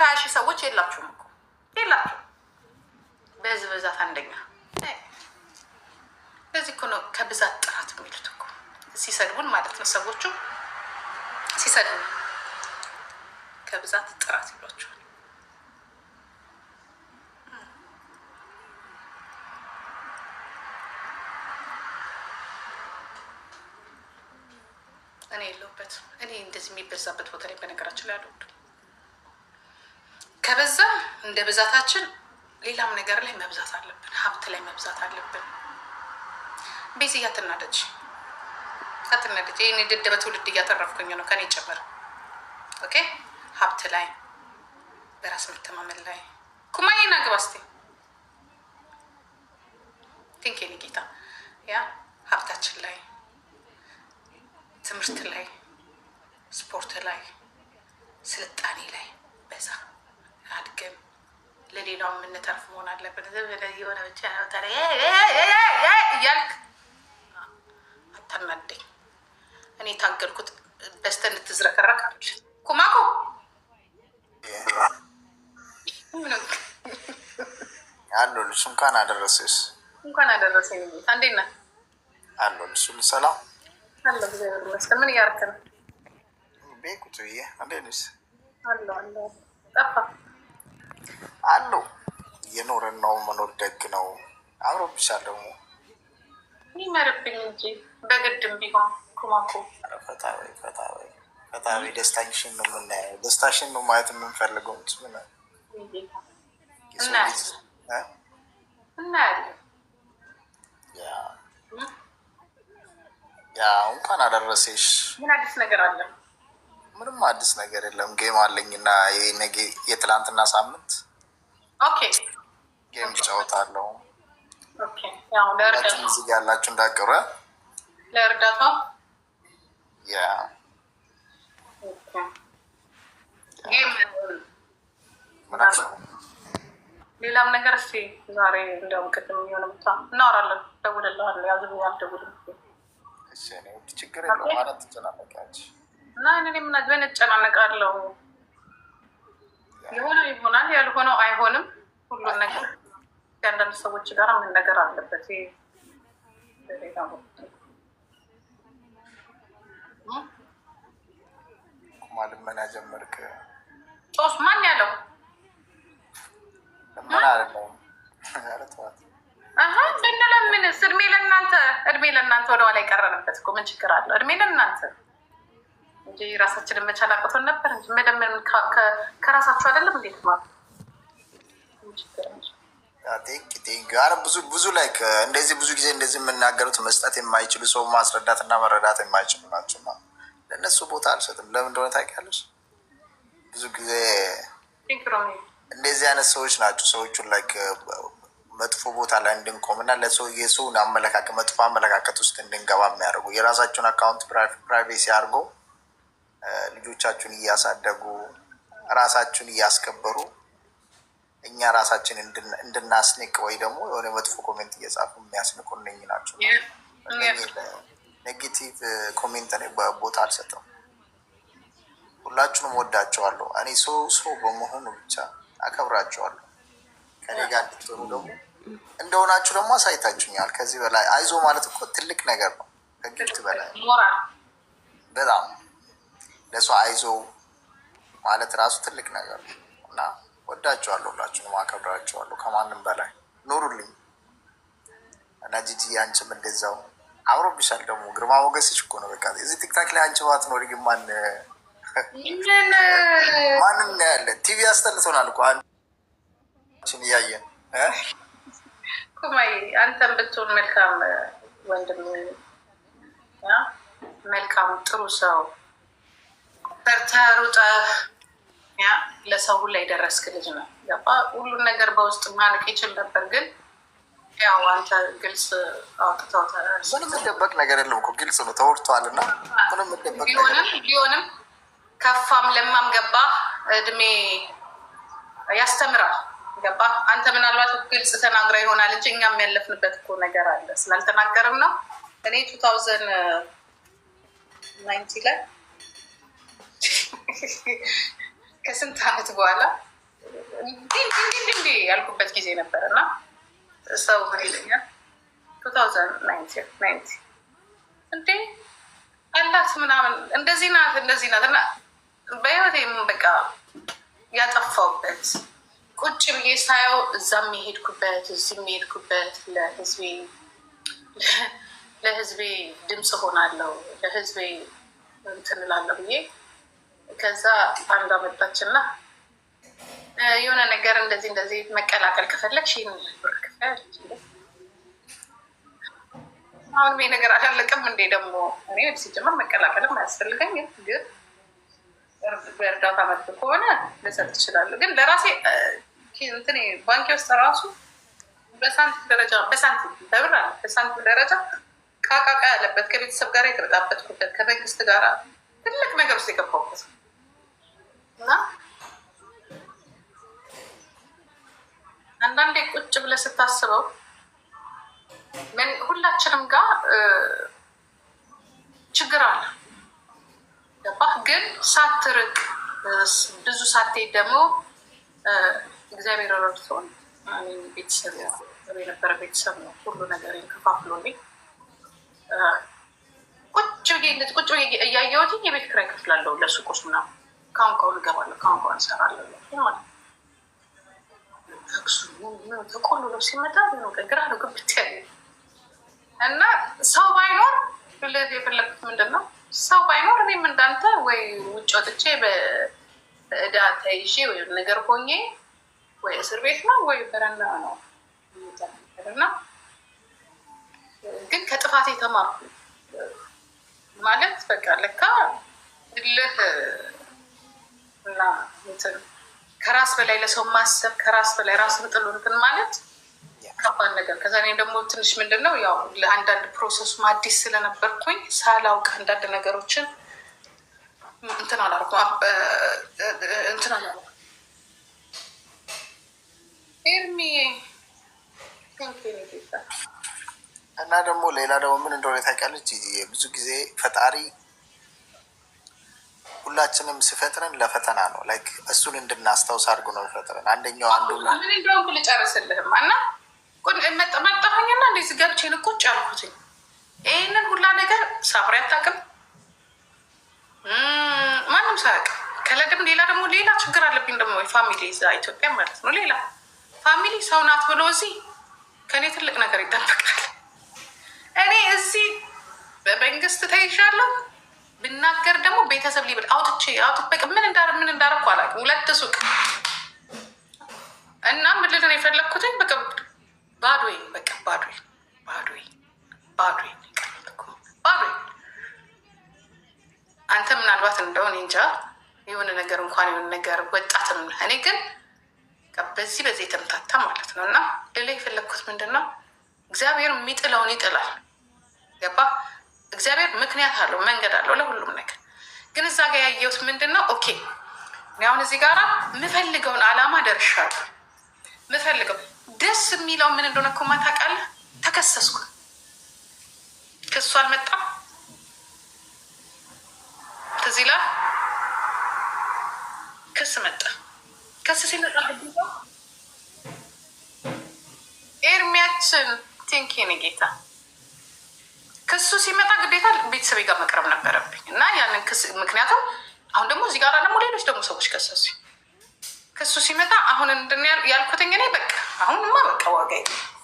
መቶ ሀያ ሺህ ሰዎች የላችሁም እኮ የላችሁም። በህዝብ ብዛት አንደኛ። በዚህ እኮ ነው ከብዛት ጥራት የሚሉት እኮ ሲሰድቡን ማለት ነው። ሰዎቹ ሲሰድቡን ከብዛት ጥራት ይሏቸዋል። እኔ የለሁበት እኔ እንደዚህ የሚበዛበት ቦታ ላይ በነገራችን ላይ አልወዱም። ከበዛም እንደ ብዛታችን ሌላም ነገር ላይ መብዛት አለብን፣ ሀብት ላይ መብዛት አለብን። ቤዚ እያትናደች አትናደች። ይህን የደደበ ትውልድ እያተረፍኩኝ ነው ከኔ ጭምር። ኦኬ ሀብት ላይ በራስ መተማመን ላይ ኩማዬን ና እስኪ ቲንክ የኔ ጌታ ያ ሀብታችን ላይ ትምህርት ላይ ስፖርት ላይ ስልጣኔ ላይ በዛ አድገም ለሌላው የምንተርፍ መሆን አለብን። የሆነ ብቻ እያልክ አታናደኝ። እኔ የታገልኩት በስተ እንድትዝረከረክ አለ ኩማኮ ልሱ እንኳን አደረሰሽ፣ እንኳን አደረሰ። እንዴት ነህ? አለሁልሽ። ሁሉ ሰላም አለ። እግዚአብሔር ይመስገን። ምን እያደረክ ነው? ቤት ቁጭ ብዬ። እንዴት ነሽ? አለሁ አለሁ። ጠፋህ አለው ነው መኖር ደግ ነው። አምሮብሻል ደግሞ ይመርብኝ እንጂ በግድም ቢሆን ኩማኩ ፈጣሪ ፈጣሪ ደስታሽን ነው የምናየው፣ ደስታሽን ነው ማየት የምንፈልገው እንጂ ምን እናያለን። ያ እንኳን አደረሰሽ። ምን አዲስ ነገር አለ? ምንም አዲስ ነገር የለም። ጌም አለኝ እና የነገ የትላንትና ሳምንት ጌም እጫወታለሁ። እዚህ ያላችሁ እንዳቅረ ለእርዳታ ያ ሌላም ነገር እስኪ ዛሬ እንደውም ቅድም የሆነ ቦታ እናወራለን። ደውልልሃለሁ። ያዝብኛል። ደውል ችግር የለውም ማለት ትችላለች። እና እኔ ምናግበን እጨናነቃለሁ። የሆነ ይሆናል፣ ያልሆነው አይሆንም። ሁሉም ነገር ከአንዳንድ ሰዎች ጋር ምን ነገር አለበት። ቁማ ጀመርክ? ጦስ ማን ያለው ልመና አለው እድሜ ለእናንተ እድሜ ለእናንተ ወደኋላ የቀረንበት እኮ ምን ችግር አለው? እድሜ ለእናንተ እንጂ ራሳችንን መቻል አቅቶን ነበር እንጂ መደመን ከራሳችሁ አይደለም። እንዴት ማለት ብዙ ብዙ ላይ እንደዚህ ብዙ ጊዜ እንደዚህ የምናገሩት መስጠት የማይችሉ ሰው ማስረዳት እና መረዳት የማይችሉ ናቸው። ለእነሱ ቦታ አልሰጥም። ለምን እንደሆነ ታውቂያለሽ? ብዙ ጊዜ እንደዚህ አይነት ሰዎች ናቸው ሰዎቹን ላይ መጥፎ ቦታ ላይ እንድንቆም እና ለሰው የሰውን አመለካከት መጥፎ አመለካከት ውስጥ እንድንገባ የሚያደርጉ የራሳቸውን አካውንት ፕራይቬሲ አድርገው ልጆቻችሁን እያሳደጉ ራሳችሁን እያስከበሩ እኛ ራሳችን እንድናስንቅ ወይ ደግሞ የሆነ መጥፎ ኮሜንት እየጻፉ የሚያስንቁ እነኝ ናቸው። ኔጌቲቭ ኮሜንት uh, ቦታ አልሰጠም። ሁላችሁንም ወዳቸዋለሁ። እኔ ሰው ሰው በመሆኑ ብቻ አከብራቸዋለሁ። ከኔ ጋር እንድትሆኑ ደግሞ እንደሆናችሁ ደግሞ አሳይታችሁኛል። ከዚህ በላይ አይዞ ማለት እኮ ትልቅ ነገር ነው፣ ከግብት በላይ በጣም ለሰው አይዞ ማለት ራሱ ትልቅ ነገር እና ወዳቸዋለሁ፣ ሁላችሁንም አከብራቸዋለሁ። ከማንም በላይ ኑሩልኝ እና ጂጂ አንቺም እንደዛው ቢሻል ደግሞ ግርማ ሞገስሽ እኮ ነው። በቃ እዚህ ቲክታክ ላይ አንቺ ኖሪ ግን ማን ማንም ያለ ቲቪ አስጠልቶናል እኮ አንቺን እያየን ኩማይ አንተን ብትሆን መልካም ወንድም፣ መልካም ጥሩ ሰው ሰርተ ያ ለሰው ላይ ደረስክ ልጅ ነው ሁሉን ነገር በውስጥ ማለቅ ይችል ነበር፣ ግን ያው አንተ ግልጽ አውጥተው ምንም የምደበቅ ነገር የለም እኮ ግልጽ ነው ተወርቷል። እና ምንም ቢሆንም ቢሆንም ከፋም ለማም ገባ እድሜ ያስተምራል። ገባ አንተ ምናልባት ግልጽ ተናግራ ይሆናል እንጂ እኛ የሚያለፍንበት እኮ ነገር አለ ስላልተናገርም ነው እኔ ቱ ታውዘንድ ናይንቲ ላይ ከስንት ዓመት በኋላ እንዲ ያልኩበት ጊዜ ነበር እና ሰው ምን ይለኛል እንዴ አላት ምናምን እንደዚህ ናት እንደዚህ ናት እና በህይወት በቃ ያጠፋውበት ቁጭ ብዬ ሳየው እዛም የሄድኩበት እዚህም የሄድኩበት ለህዝቤ ለህዝቤ ድምፅ ሆናለው ለህዝቤ እንትን እላለሁ ብዬ ከዛ አንዷ መጣች እና የሆነ ነገር እንደዚህ እንደዚህ መቀላቀል ከፈለግሽ ይህን ብር ክፈል። አሁን ይህ ነገር አላለቅም እንዴ ደግሞ እኔ ሲጀመር መቀላቀልም አያስፈልገኝ፣ ግን በእርዳታ መልክ ከሆነ ልሰጥ እችላለሁ። ግን ለራሴ እንትን ባንኪ ውስጥ ራሱ በሳንቲም ደረጃ በሳንቲም በብር አለ በሳንቲም ደረጃ ቃቃቃ ያለበት ከቤተሰብ ጋር የተበጣበጥኩበት ከመንግስት ጋር ትልቅ ነገር ውስጥ የገባበት ነው። አንዳንዴ ቁጭ ብለህ ስታስበው ምን ሁላችንም ጋር ችግር አለ። ገባህ? ግን ሳትርቅ ብዙ ሳትሄድ ደግሞ እግዚአብሔር ረድቶን ቤተሰብ የነበረ ቤተሰብ ነው ሁሉ ነገር ከፋፍሎልኝ ቁጭ ቁጭ እያየሁት የቤት ኪራይ እከፍላለሁ ለሱቆች ምናምን ካሁን ካሁን እገባለሁ ካሁን ካሁን እሰራለሁ ማለት እሱ ነው ሲመጣ ግራ ነው ግብት ያለ እና ሰው ባይኖር ልልህ የፈለግኩት ምንድን ነው ሰው ባይኖር እኔም እንዳንተ ወይ ውጭ ወጥቼ በእዳ ተይዤ ወይ ነገር ሆኜ ወይ እስር ቤት ነው ወይ በረና ነው እና ግን ከጥፋት የተማርኩ ማለት በቃ ለካ ልልህ እና ከራስ በላይ ለሰው ማሰብ ከራስ በላይ ራስን ጥሎ እንትን ማለት ከባድ ነገር። ከዛ እኔ ደግሞ ትንሽ ምንድን ነው ያው ለአንዳንድ ፕሮሰሱም አዲስ ስለነበርኩኝ ሳላውቅ አንዳንድ ነገሮችን እንትን አላደረኩም እንትን አላደረኩም። እና ደግሞ ሌላ ደግሞ ምን እንደሆነ ታውቂያለች ብዙ ጊዜ ፈጣሪ ሁላችንም ሲፈጥረን ለፈተና ነው። ላይክ እሱን እንድናስታውስ አድርጎ ነው ፈጥረን። አንደኛው አንዱ ምን እንደሆንኩ ልጨርስልህም እና መጣሁኝና እንደዚህ ገብቼ አልኩትኝ። ይህንን ሁላ ነገር ሳፍሪ አታውቅም፣ ማንም ሳያውቅም ከለድም ሌላ ደግሞ ሌላ ችግር አለብኝ ደግሞ ፋሚሊ እዛ ኢትዮጵያ ማለት ነው። ሌላ ፋሚሊ ሰው ናት ብሎ እዚህ ከእኔ ትልቅ ነገር ይጠበቃል። እኔ እዚህ በመንግስት ተይሻለሁ ብናገር ደግሞ ቤተሰብ ሊብል አውጥቼ አውጥቼ ምን እንዳር ምን እንዳር እንዳረኩ አላውቅም። ሁለት ሱቅ እና ምልል ነው የፈለግኩትኝ በቃ ባዶ በቃ ባዶ ባዶ ባዶ ባዶ አንተ ምናልባት እንደውን እንጃ የሆነ ነገር እንኳን የሆነ ነገር ወጣት ነው። እኔ ግን በዚህ በዚህ የተምታታ ማለት ነው እና ሌላ የፈለግኩት ምንድን ነው እግዚአብሔር የሚጥለውን ይጥላል። ገባ እግዚአብሔር ምክንያት አለው፣ መንገድ አለው ለሁሉም ነገር። ግን እዛ ጋ ያየሁት ምንድን ነው? ኦኬ እኔ አሁን እዚህ ጋር የምፈልገውን አላማ ደርሻለሁ። ምፈልገው ደስ የሚለው ምን እንደሆነ እኮ ማታውቃለህ። ተከሰስኩ፣ ክሱ አልመጣም። ትዝ ይላል። ክስ መጣ። ክስ ሲመጣ ኤርሚያችን ቲንኪን ጌታ ክሱ ሲመጣ ግዴታ ቤተሰቤ ጋር መቅረብ ነበረብኝ እና ያንን ክስ ምክንያቱም አሁን ደግሞ እዚህ ጋር ደግሞ ሌሎች ደግሞ ሰዎች ከሰሱ። ክሱ ሲመጣ አሁን እንድን ያልኩትኝ እኔ በቃ አሁንማ በቃ ዋጋ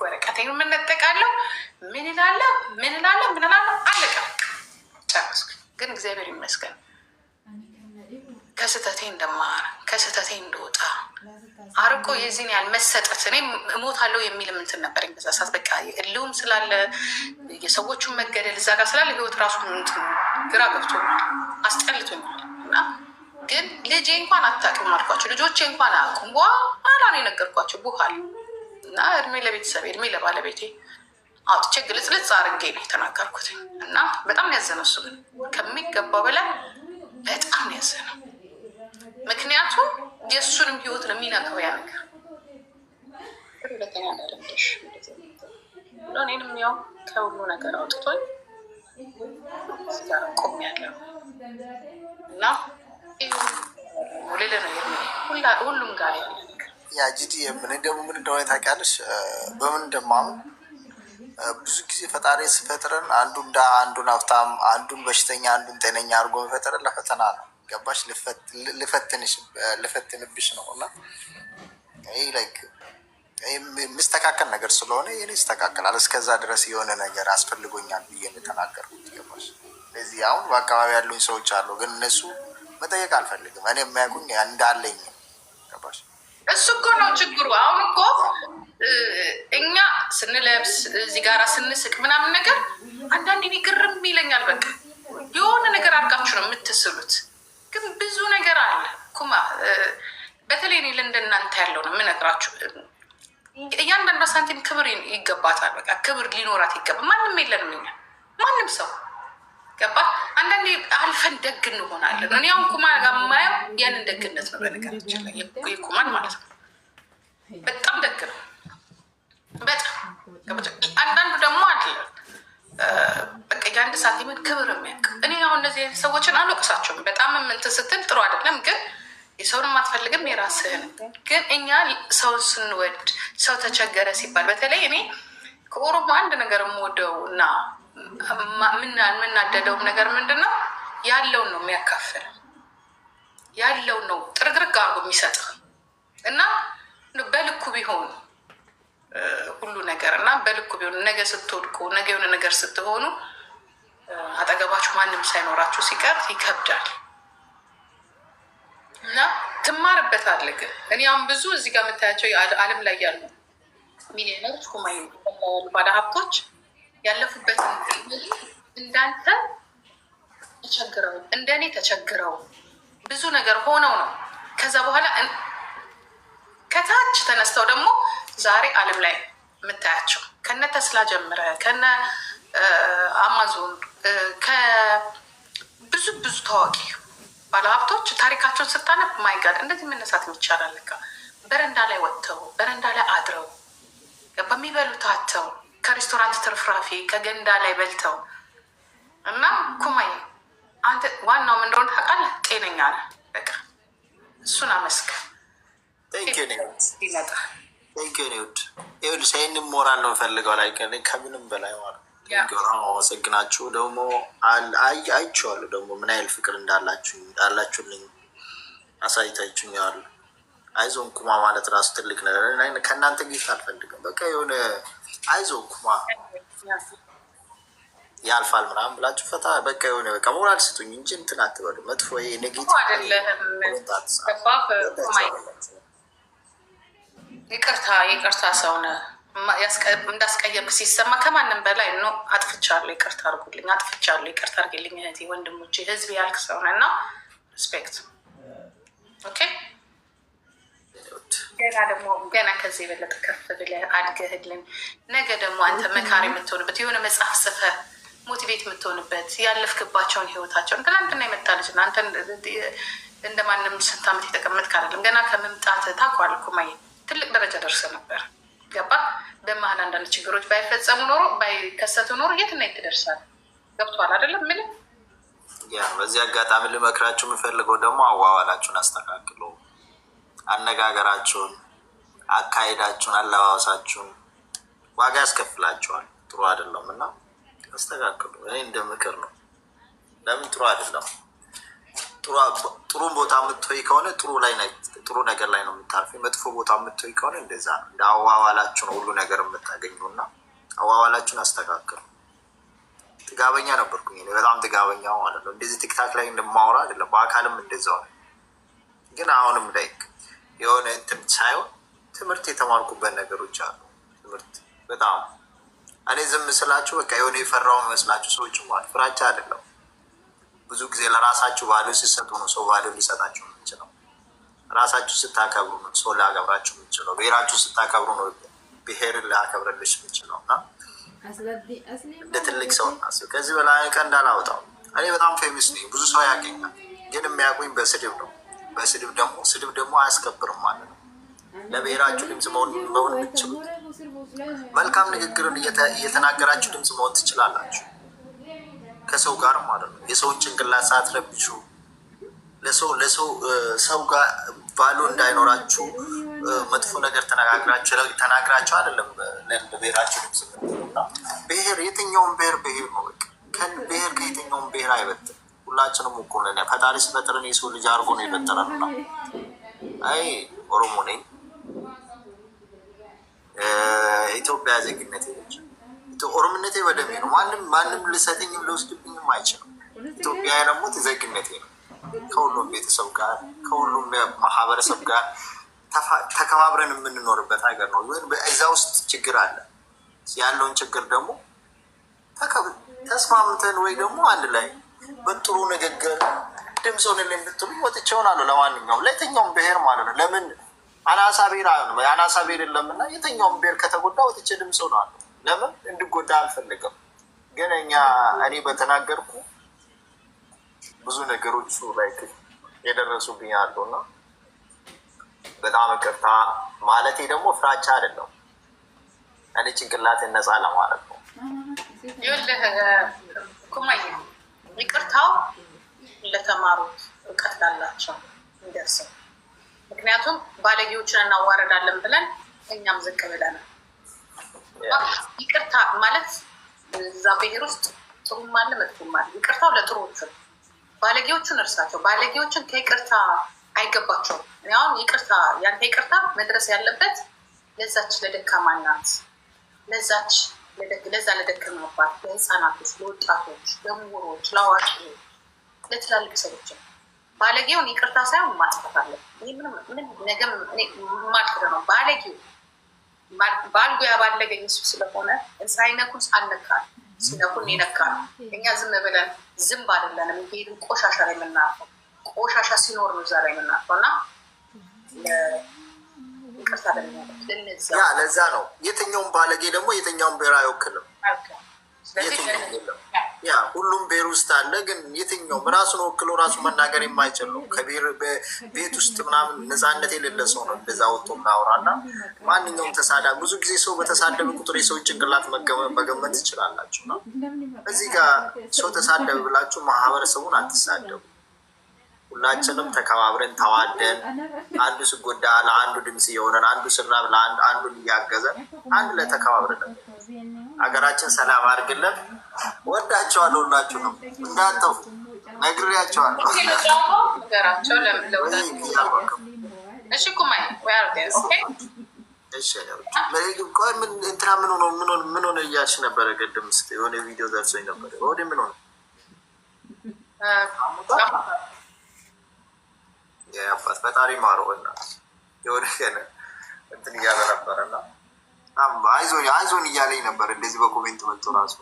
ወረቀቴን የምንጠቃለው ምን ላለ ምን ላለ ምን ላለ አለቀ፣ ጨረስኩ። ግን እግዚአብሔር ይመስገን ከስህተቴ እንደማር ከስህተቴ እንደወጣ አርቆ የዚህን ያህል መሰጠት እኔ እሞታለሁ የሚል ምንትን ነበር። በዛ ሰዓት። በቃ እልውም ስላለ የሰዎቹን መገደል እዛ ጋር ስላለ ህይወት ራሱ ግራ ገብቶኛል፣ አስጠልቶኛል። እና ግን ልጄ እንኳን አታውቅም አልኳቸው፣ ልጆቼ እንኳን አያውቁም። በኋላ ነው የነገርኳቸው ቡሃል እና እድሜ ለቤተሰብ እድሜ ለባለቤቴ አውጥቼ ግልጽልጽ አድርጌ ነው የተናገርኩት። እና በጣም ያዘነ እሱ ግን ከሚገባው በላይ በጣም ያዘነው ምክንያቱም የእሱንም ህይወት ነው የሚነካው ያ ነገር። ሁለተኛ እንዳለምደሽ እኔንም ያው ከሁሉ ነገር አውጥቶኝ ቆም ያለው እና ልል ሁሉም ጋር ያለ ያ ጂዲ የምን ደግሞ ምን እንደሆነ ታውቂያለሽ? በምን እንደማም ብዙ ጊዜ ፈጣሪ ስፈጥረን አንዱን ድሃ አንዱን ሀብታም አንዱን በሽተኛ አንዱን ጤነኛ አድርጎ መፈጠረን ለፈተና ነው። ገባሽ? ልፈትንብሽ ነው እና ይህ ላይክ የሚስተካከል ነገር ስለሆነ ይህ ይስተካከላል። እስከዛ ድረስ የሆነ ነገር አስፈልጎኛል ብዬ የተናገርኩት ገባሽ? እዚህ አሁን በአካባቢ ያሉኝ ሰዎች አሉ፣ ግን እነሱ መጠየቅ አልፈልግም። እኔ የሚያውቁኝ እንዳለኝ ገባሽ? እሱ እኮ ነው ችግሩ። አሁን እኮ እኛ ስንለብስ እዚህ ጋር ስንስቅ ምናምን ነገር አንዳንድ ግርም ይለኛል። በቃ የሆነ ነገር አድርጋችሁ ነው የምትስሉት። ግን ብዙ ነገር አለ ኩማ። በተለይ እኔ ለእንደናንተ ያለው ነው የምነግራችሁ እያንዳንዷ ሳንቲም ክብር ይገባታል። በቃ ክብር ሊኖራት ይገባ። ማንም የለንም እኛ ማንም ሰው ገባ። አንዳንዴ አልፈን ደግ እንሆናለን። እኔ አሁን ኩማ ጋር የማየው ያንን ደግነት ነው። በነገራችን ላይ ኩማን ማለት ነው በጣም ደግ ነው። በጣም አንዳንዱ ደግሞ አለ የአንድ ሳንቲምን ክብር የሚያውቅ እኔ አሁን እነዚህ ሰዎችን አልወቅሳቸውም። በጣም የምንትን ስትል ጥሩ አይደለም፣ ግን የሰውን ማትፈልግም የራስህን ግን እኛ ሰውን ስንወድ ሰው ተቸገረ ሲባል በተለይ እኔ ከኦሮሞ አንድ ነገር የምወደው እና የምናደደውም ነገር ምንድን ነው? ያለውን ነው የሚያካፍል ያለውን ነው ጥርግርግ አርጎ የሚሰጥ እና በልኩ ቢሆን ሁሉ ነገር እና በልኩ ቢሆን ነገ ስትወድቁ ነገ የሆነ ነገር ስትሆኑ አጠገባችሁ ማንም ሳይኖራችሁ ሲቀር ይከብዳል እና ትማርበታለህ። ግን እኔ አሁን ብዙ እዚህ ጋር የምታያቸው ዓለም ላይ ያሉ ሚሊዮነሮች፣ ሀብቶች ያለፉበትን እንዳንተ ተቸግረው እንደኔ ተቸግረው ብዙ ነገር ሆነው ነው ከዛ በኋላ ከታች ተነስተው ደግሞ ዛሬ ዓለም ላይ የምታያቸው ከነ ተስላ ጀምረ ከነ አማዞን ከብዙ ብዙ ታዋቂ ባለሀብቶች ታሪካቸውን ስታነብ ማይጋድ እንደዚህ መነሳት ይቻላል። ልካ በረንዳ ላይ ወጥተው በረንዳ ላይ አድረው በሚበሉት አተው ከሬስቶራንት ትርፍራፊ ከገንዳ ላይ በልተው እና ኩማይ አንተ ዋናውም እንደሆነ ታውቃለህ። ጤነኛ ነህ። በቃ እሱን አመስገን ይመጣል። ይህን ሞራል ነው ፈልገው ላይ ከምንም በላይ ማለት አመሰግናችሁ። ደግሞ አይቼዋለሁ ደግሞ ምን ያህል ፍቅር እንዳላችሁ እንዳላችሁልኝ አሳይታችሁኛል። አይዞን ኩማ ማለት ራሱ ትልቅ ነገር። ከእናንተ ጊፍት አልፈልግም። በቃ የሆነ አይዞን ኩማ ያልፋል ምናምን ብላችሁ ፈታ በቃ የሆነ በቃ ሞራል ስጡኝ እንጂ እንትን አትበሉ። መጥፎ ኔጌቲቭ ይቅርታ ይቅርታ ሰውነ እንዳስቀየምክ ሲሰማ ከማንም በላይ ነው። አጥፍቻለሁ፣ ይቅርታ አድርጉልኝ፣ አጥፍቻለሁ፣ ይቅርታ አርግልኝ እህቴ፣ ወንድሞቼ፣ ህዝብ ያልክ ሰው ነህ እና ሪስፔክት። ኦኬ። ገና ደግሞ ገና ከዚህ የበለጠ ከፍ ብለህ አድገህልን ነገ ደግሞ አንተ መካሪ የምትሆንበት የሆነ መጽሐፍ ጽፈህ ሞቲቬት የምትሆንበት ያለፍክባቸውን ህይወታቸውን ትናንትና የመጣ ልጅ ነው። አንተ እንደማንም ስንት ዓመት የተቀመጥክ አይደለም። ገና ከመምጣት ታውቀዋለህ እኮ ማየት ትልቅ ደረጃ ደርሰ ነበር። ገባ በመሀል አንዳንድ ችግሮች ባይፈጸሙ ኖሮ ባይከሰቱ ኖሮ የት እና የት ደርሳል። ገብቷል አይደለም? ምንም በዚህ አጋጣሚ ልመክራችሁ የምፈልገው ደግሞ አዋዋላችሁን አስተካክሉ። አነጋገራችሁን፣ አካሄዳችሁን፣ አለባበሳችሁን ዋጋ ያስከፍላችኋል። ጥሩ አይደለም እና አስተካክሉ። እኔ እንደ ምክር ነው። ለምን ጥሩ አይደለም ጥሩ ቦታ የምትወይ ከሆነ ጥሩ ላይ ጥሩ ነገር ላይ ነው የምታርፍ። መጥፎ ቦታ የምትወይ ከሆነ እንደዛ ነው። እንደ አዋዋላችሁ ነው ሁሉ ነገር የምታገኘው እና አዋዋላችሁን አስተካክሉ። ጥጋበኛ ነበርኩኝ በጣም ጥጋበኛ ማለት ነው። እንደዚህ ቲክታክ ላይ እንደማወራ አይደለም፣ በአካልም እንደዛው ነው። ግን አሁንም ላይክ የሆነ እንትን ሳይሆን ትምህርት የተማርኩበት ነገሮች አሉ። ትምህርት በጣም እኔ ዝም ስላችሁ በቃ የሆነ የፈራው መስላችሁ ሰዎች ማል ፍራቻ አይደለም ብዙ ጊዜ ለራሳችሁ ቫሉ ሲሰጡ ነው ሰው ቫሉ ሊሰጣችሁ የምችለው። ራሳችሁ ስታከብሩ ነው ሰው ሊያከብራችሁ የምችለው። ብሔራችሁ ስታከብሩ ነው ብሔር ሊያከብርልሽ የምችለው። እና እንደ ትልቅ ሰው እናስብ። ከዚህ በላይ ቀን እንዳላወጣው እኔ በጣም ፌሚስ ነኝ። ብዙ ሰው ያገኛል፣ ግን የሚያውቁኝ በስድብ ነው። በስድብ ደግሞ ስድብ ደግሞ አያስከብርም ማለት ነው። ለብሔራችሁ ድምፅ መሆን መሆን መልካም ንግግርን እየተናገራችሁ ድምፅ መሆን ትችላላችሁ። ከሰው ጋር ማለት ነው። የሰውን ጭንቅላት ሳትረብሹ ለሰው ለሰው ሰው ጋር ባሉ እንዳይኖራችሁ መጥፎ ነገር ተናግራችሁ ተናግራችሁ አይደለም። ለብሔራችሁ ልብስ ብሔር የትኛውን ብሔር ብሔር ነው ከን ብሔር ከየትኛውን ብሔር አይበጥም። ሁላችንም እኮ ነን። ፈጣሪ ሲፈጥረን የሰው ልጅ አድርጎ ነው የፈጠረን እና አይ ኦሮሞ ነኝ ኢትዮጵያ ዜግነት የለችም ኦሮምነቴ በደሜ ነው። ማንም ማንም ልሰጥኝም ልወስድብኝም አይችልም። ኢትዮጵያ ደግሞ ዜግነቴ ነው። ከሁሉም ቤተሰብ ጋር ከሁሉም ማህበረሰብ ጋር ተከባብረን የምንኖርበት ሀገር ነው። ግን በዛ ውስጥ ችግር አለ። ያለውን ችግር ደግሞ ተስማምተን ወይ ደግሞ አንድ ላይ በጥሩ ንግግር ድምፅን ሆንል የምትሉ ወጥቸውን አሉ ለማንኛውም ለየትኛውም ብሔር ማለት ነው ለምን አናሳ ብሔር አናሳ ብሔር የለምና የትኛውም ብሔር ከተጎዳ ወጥቼ ድምፅን ሆነ አሉ ለምን እንድጎዳ አልፈልግም። ግን እኛ እኔ በተናገርኩ ብዙ ነገሮች ላይ የደረሱብኝ አሉ እና በጣም ይቅርታ ማለቴ ደግሞ ፍራቻ አይደለም። እኔ ጭንቅላቴን ነፃ ለማለት ነው። ይኸውልህ ይቅርታው ለተማሩት እውቀት ላላቸው እንደርሰው። ምክንያቱም ባለጌዎችን እናዋረዳለን ብለን እኛም ዝቅ ብለናል። ይቅርታ ማለት እዛ ብሄር ውስጥ ጥሩም አለ መጥፎም አለ። ይቅርታው ለጥሩዎቹ ባለጌዎቹን እርሳቸው። ባለጌዎችን ከይቅርታ አይገባቸውም። አሁን ይቅርታ ያንተ ይቅርታ መድረስ ያለበት ለዛች ለደካማ እናት፣ ለዛች ለዛ ለደካማ አባት፣ ለህፃናቶች፣ ለወጣቶች፣ ለምሁሮች፣ ለአዋቂዎች፣ ለትላልቅ ሰዎች ባለጌውን ይቅርታ ሳይሆን ማጥፋት አለ። ይህ ምንም ነገም ማጥፋት ነው ባለጌው ባልጉ ያባለገኝ እሱ ስለሆነ ሳይነኩን አልነካል። ሲነኩን ይነካል። እኛ ዝም ብለን ዝም ባልለንም ሄድን ቆሻሻ ላይ የምናርፈው ቆሻሻ ሲኖር ነው እዛ ላይ የምናርፈው እና ይቅርታ ለዛ ነው። የትኛውም ባለጌ ደግሞ የትኛውም ብሔራዊ ወክልም ያ ሁሉም ብሔር ውስጥ አለ። ግን የትኛውም ራሱን ወክሎ ራሱ መናገር የማይችል ነው። ከብሔር ቤት ውስጥ ምናምን ነፃነት የሌለ ሰው ነው እንደዛ ወጥቶ ምናወራ እና ማንኛውም ተሳዳ ብዙ ጊዜ ሰው በተሳደበ ቁጥር የሰው ጭንቅላት መገመት ትችላላችሁ ነው። እዚህ ጋር ሰው ተሳደበ ብላችሁ ማህበረሰቡን አትሳደቡ። ሁላችንም ተከባብረን ተዋደን አንዱ ስጎዳ ለአንዱ ድምፅ እየሆነን አንዱ ስራብ ለአንዱ እያገዘን አንድ ላይ ተከባብረን ሀገራችን ሰላም አድርግልን። ወዳቸዋለሁ። ሁላችሁ ነው እንዳተው ነግሬያቸዋለሁ። እንትና ምን ሆነ ምን ሆነ እያልሽ ነበረ ቅድም ስ የሆነ ቪዲዮ ደርሶኝ ነበረ። ወደ ምን ሆነ የአባት ፈጣሪ ማሮ እና የሆነ እንትን እያለ ነበረና አይዞን አይዞን እያለኝ ነበር። እንደዚህ በኮሜንት መጥቶ ራሱ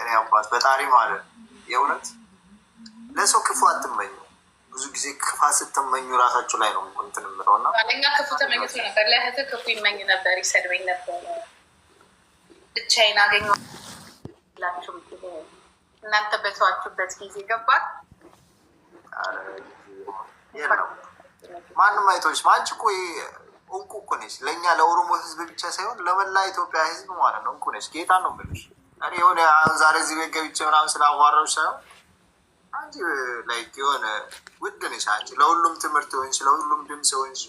እኔ አባት በጣሪ ማለት የእውነት ለሰው ክፉ አትመኙ። ብዙ ጊዜ ክፋ ስትመኙ ራሳችሁ ላይ ነው እንትን የምለው እና እኛ ክፉ ተመኝቶ ነበር። ክፉ ይመኝ ነበር፣ ይሰድበኝ ነበር። ብቻዬን እናንተ በተዋችሁበት ጊዜ ገባል። ማንም አይቶች ማንች እንቁ እኮ ነች ለእኛ ለኦሮሞ ህዝብ ብቻ ሳይሆን ለመላ ኢትዮጵያ ህዝብ ማለት ነው። እንቁ ነች። ጌታ ነው የምልሽ እኔ የሆነ ዛሬ እዚህ ቤት ገብቼ ምናምን ስላዋራሁሽ ሳይሆን አንቺ ላይክ የሆነ ውድ ነሽ። አንቺ ለሁሉም ትምህርት ሆንሽ፣ ለሁሉም ድምፅ ሆንሽ።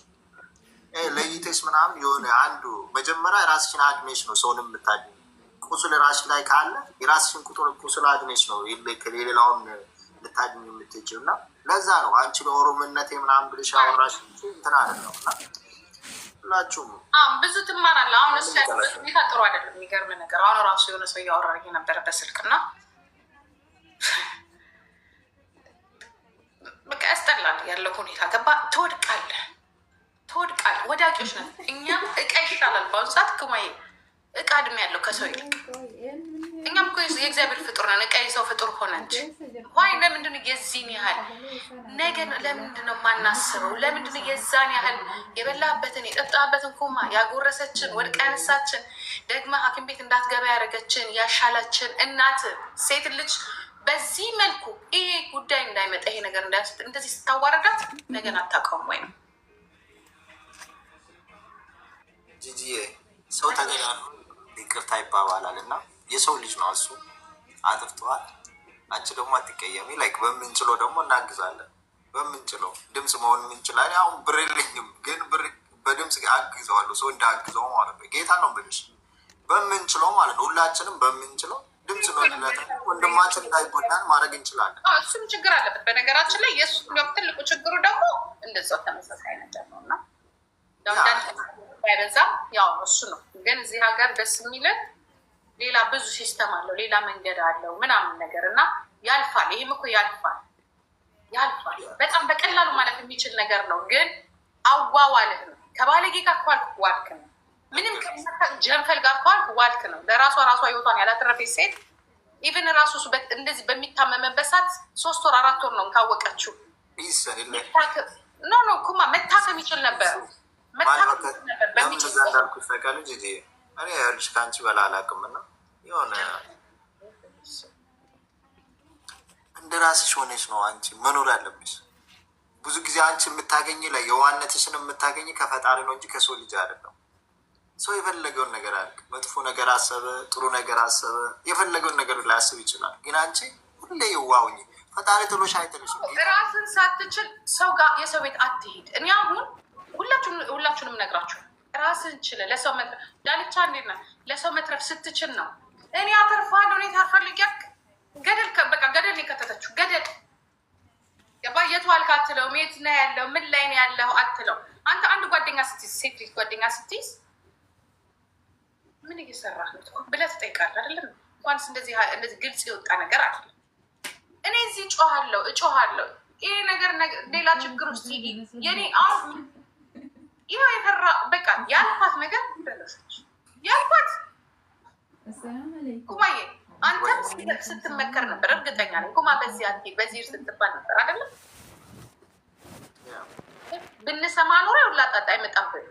ለይተሽ ምናምን የሆነ አንዱ መጀመሪያ የራስሽን አድሜሽ ነው ሰውን የምታድ ቁስል ራስሽ ላይ ካለ የራስሽን ቁጥር ቁስል አድሜሽ ነው የሌላውን ልታድኝ የምትችል እና ለዛ ነው አንቺ ለኦሮምነቴ ምናምን ብልሽ አወራሽ እንትን አለ ነው እና ሁላችሁም ብዙ ትማራለህ። አሁን እሱ ሁኔታ ጥሩ አይደለም። የሚገርም ነገር አሁን ራሱ የሆነ ሰው እያወራኝ የነበረ በስልክ እና በቃ ያስጠላል ያለው ሁኔታ ገባ። ትወድቃለህ፣ ትወድቃለህ። ወዳቂዎች ነን እኛም። እቃ ይሻላል በአሁኑ ሰዓት ክማይ እቃ እድሜ ያለው ከሰው ይልቅ እኛም እኮ የእግዚአብሔር ፍጡር ነን። ቀይ ሰው ፍጡር ሆነች ዋይ ለምንድን ነው የዚህን ያህል ነገር ለምንድን ነው የማናስበው? ለምንድን ነው የዛን ያህል የበላበትን የጠጣበትን ኮማ ያጎረሰችን ወድቃ ያነሳችን ደግመ ሐኪም ቤት እንዳትገባ ያደረገችን ያሻላችን እናት ሴት ልጅ በዚህ መልኩ ይሄ ጉዳይ እንዳይመጣ ይሄ ነገር እንዳያስ እንደዚህ ስታዋረዳት ነገን አታውቀውም ወይ ነው ጂጂዬ ሰው ተገዳ ይቅርታ ይባባላል እና የሰው ልጅ ነው እሱ አጥፍተዋል። አንቺ ደግሞ አትቀየሚ። ላይክ በምንችለው ደግሞ እናግዛለን። በምንችለው ድምፅ መሆን የምንችላለን። አሁን ብር የለኝም ግን ብር በድምፅ አግዘዋለሁ። ሰው እንዳግዘው ማለት ነው። ጌታ ነው ብልሽ በምንችለው ማለት ነው። ሁላችንም በምንችለው ድምፅ በምንለት ወንድማችን እንዳይጎዳን ማድረግ እንችላለን። እሱም ችግር አለበት። በነገራችን ላይ የእሱ ትልቁ ችግሩ ደግሞ እንደዛው ተመሳሳይ ነገር ነው እና ያው እሱ ነው ግን እዚህ ሀገር ደስ የሚለን ሌላ ብዙ ሲስተም አለው፣ ሌላ መንገድ አለው ምናምን ነገር እና ያልፋል። ይህም እኮ ያልፋል ያልፋል። በጣም በቀላሉ ማለት የሚችል ነገር ነው፣ ግን አዋዋልህ ነው። ከባለጌ ጋር ከዋልክ ዋልክ ነው። ምንም ጀንፈል ጋር ከዋልክ ዋልክ ነው። ለራሷ ራሷ ህይወቷን ያላተረፈች ሴት ኢቨን ራሱ እንደዚህ በሚታመመበት ሰዓት ሶስት ወር አራት ወር ነው ካወቀችው ኖ ኖ ኩማ መታከም ይችል ነበር። መታከም ይችል ነበር እኔ ያሉሽ ከአንቺ በላ አላውቅም እና የሆነ እንደ ራስሽ ሆነች ነው አንቺ መኖር ያለብሽ። ብዙ ጊዜ አንቺ የምታገኝ ላይ የዋነትሽን የምታገኝ ከፈጣሪ ነው እንጂ ከሰው ልጅ አይደለም። ሰው የፈለገውን ነገር አድርግ፣ መጥፎ ነገር አሰበ፣ ጥሩ ነገር አሰበ፣ የፈለገውን ነገር ላያስብ ይችላል። ግን አንቺ ሁሌ የዋውኝ ፈጣሪ ጥሎሽ አይጥልሽም። ራስን ሳትችል ሰው ጋር የሰው ቤት አትሄድ። እኔ አሁን ሁላችሁንም ነግራችሁ ራስን ችለ ለሰው መትረፍ ዳልቻ እንዴት ነው ለሰው መትረፍ ስትችል ነው እኔ አተርፋለሁ። እኔ ታርፈልግ ያክ ገደል በቃ ገደል የከተተችው ገደል ገባ። የቱ አልክ አትለውም። የት ነው ያለው? ምን ላይ ነው ያለው አትለው። አንተ አንድ ጓደኛ ስትይዝ፣ ሴክሬት ጓደኛ ስትይዝ ምን እየሰራህ ነው ብለህ ትጠይቃለህ። አይደለም እንኳንስ እንደዚህ ግልጽ የወጣ ነገር አለ። እኔ እዚህ እጮሃለሁ እጮሃለሁ። ይሄ ነገር ሌላ ችግር ውስጥ ይሄ የኔ አሁን ይህ የፈራ በቃ ያልኳት ነገር ደረሰች ያልኳት ኩማዬ አንተም ስትመከር ነበር፣ እርግጠኛ ነኝ። ኩማ በዚህ አት በዚህ ስትባል ነበር አይደለም? ብንሰማ ኖረ ሁላ ጣጣ አይመጣብን